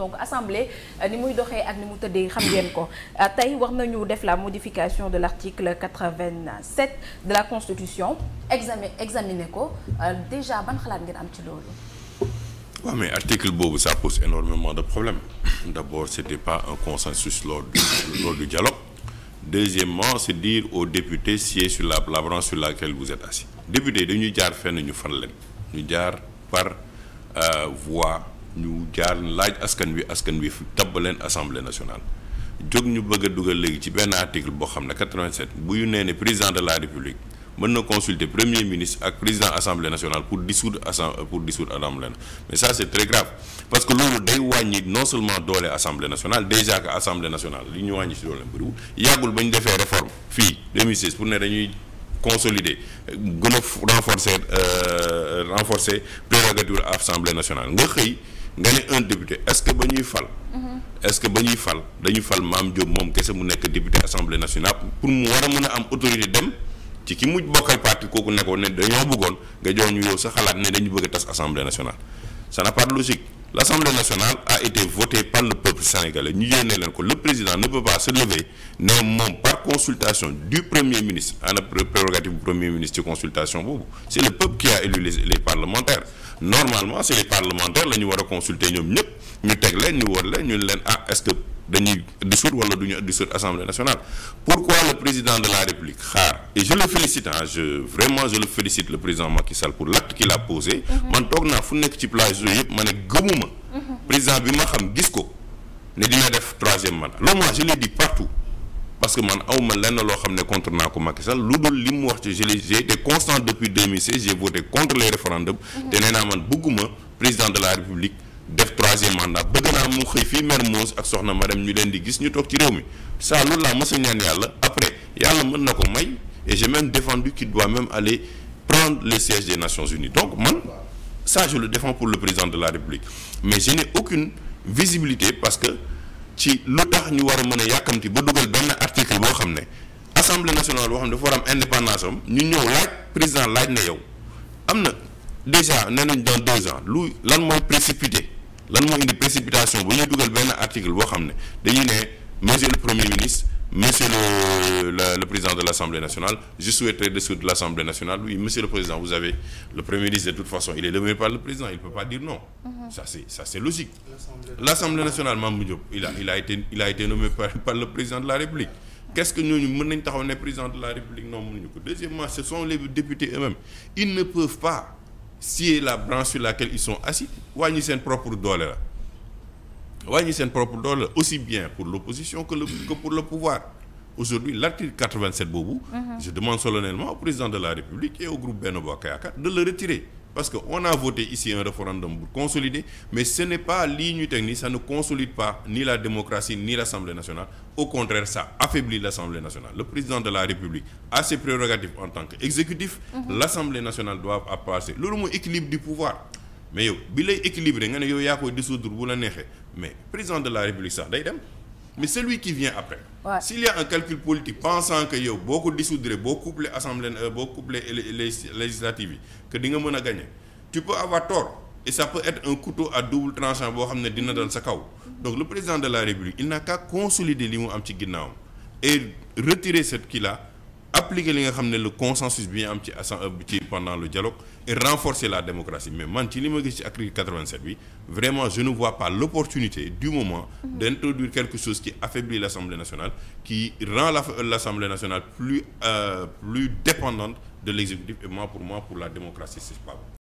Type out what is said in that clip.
donc assemblée euh, ni muy doxee ak ni mu tëddee xam ngeen ko euh, tey war nañu def la modification de l' article 87 de la constitution examen examiner ko euh, déjà ban xalaat ngeen am ci loolu. waaw mais article boobu ça pose énormément de problèmes d' abord c' était pas un consensus lors du lors du dialogue deuxièmement c' est au aux députés siéger sur la la branche sur laquelle vous êtes assis député dañuy jaar fenn ñu far leen ñu jaar par voie ñu jaar laaj askan wi askan wi tabb leen assemblée nationale jóg ñu bëgg dugal léegi ci benn article boo xam ne 87 bu ñu nee ne président de la république mën na consulter premier ministre ak président assemblée nationale pour dissoudre assemblée pour dissoudre mais ça c' très grave parce que loolu day wàññi non seulement doole assemblée nationale déjà que assemblée nationale li ñu wàññi si doole bëriwul yàggul ba ñu defee réforme fii 2006 pour ne dañuy consolider gën prérogative assemblée nationale nga xëy nga ne un député est-ce que ba ñuy fal. Mm-hmm. est-ce que ba ñuy fal dañu fal Mame Diop moom kese mu nekk député assemblée nationale pour mu war a mën a am autorité dem ci ki mu bokkal parti kooku nekkoon ne dañoo bëggoon nga jox ñu yow sa xalaat ne dañu bëgg a tas assemblée nationale ça n'a logique. l'Assemblée nationale a été votée par le peuple sénégalais ñu yéene leen ko le président ne peut pas se lever ne moom par consultation du premier ministre ana prérogative bu premier ministre ci consultation boobu c'est le peuple qui a élu les, parlementaires normalement c'est les parlementaires la ñu war a consulter ñoom ñëpp ñu teg leen ñu wóor leen ñu leen ah est-ce que dañuy dissoudre wala du ñu dissoudre assemblée nationale pourquoi le président de la république xaar et je le félicite ah je vraiment je le félicite le président Macky Sall pour l'acte qu'il a posé mm-hmm. man toog naa fu nekk ci plage yooyu yëpp ma ne gëmuma mm-hmm. président bi ma xam gis ko ne dina def troisième mandat loolu moi je l'ai dit partout parce que man awma lenn loo xam ne contre naa ko Macky lu dul li mu wax ci je l'ai j'ai été constant depuis 2016 j'ai voté contre les référendums mm-hmm. te nee naa man bëgguma président la république def troisième mandat bëgg naa mu xëy fii Mermoz ak soxna Marème ñu leen di gis ñu toog ci réew mi ça loolu laa mës a ñaan yàlla après yàlla mën na ko may et j'ai même défendu qu'il doit même aller prendre le siège des Nations Unies donc man ça je le défends pour le président de la République mais je n'ai aucune visibilité parce que ci lu tax ñu war a mën a yàkkamti ba dugal benn article boo xam ne assemblée nationale boo xam ne dafa am indépendance am ñu ñëw laaj président laaj na yow am na déjà nee nañ dans deux ans lan mooy précipité lan moo indi précipitation bu ñuy dugal benn article boo xam ne dañuy ne monsieur le premier ministre monsieur le le, président de l'Assemblée nationale je souhaiterais dissoudre l'Assemblée nationale oui monsieur le président vous avez le premier ministre de toute façon il est nommé par le président il peut pas dire non mm-hmm. ça c'est logique l'Assemblée nationale Mamadou Diop il il a été nommé par, le président de la République qu'est-ce que ñooñu mën scier la branche sur laquelle ils sont assis wàññi seen propre doole la wàññi seen propre doole la aussi bien pour l'opposition que le que pour le pouvoir aujourd'hui l'article 87 boobu mhm. je demande solennellement au président de la République et au groupe Benno Bokk Yaakaar de le retirer parce que on a voté ici un référendum pour consolider mais ce n'est pas lii ñuy teg nii ça ne consolide pas ni la démocratie ni l'Assemblée nationale au contraire ça affaiblit l'Assemblée nationale le président de la République a ses en tant qu'exécutif mmh. l'Assemblée nationale doit passer loolu mooy équilibre du pouvoir mais yow bi lay équilibré nga ne yow yaa koy dissoudre bu la neexee mais président de la République sax day dem mais celui qui vient après. Ouais. s'il y a un calcul politique pensant que yow boo ko dissoudre boo couplé assemblée euh, boo couplé législative yi que di nga mën a gagner tu peux avoir tort et ça peut être un couteau à double tranchant boo xam ne dina dal sa kaw donc le président de la république il n'a qu'à consolider li mu am ci ginnaawam et retirer cette kii appliquer li nga xam ne le consensus bi am ci assa ci pendant le dialogue et renforcer la démocratie mais man ci li ma gis ci article 87 bi vraiment je ne vois pas l'opportunité du moment mm-hmm. d'introduire quelque chose qui affaiblit l'Assemblée nationale qui rend l'Assemblée nationale plus euh, plus dépendante de l'exécutif et moi pour moi pour la démocratie c'est pas bon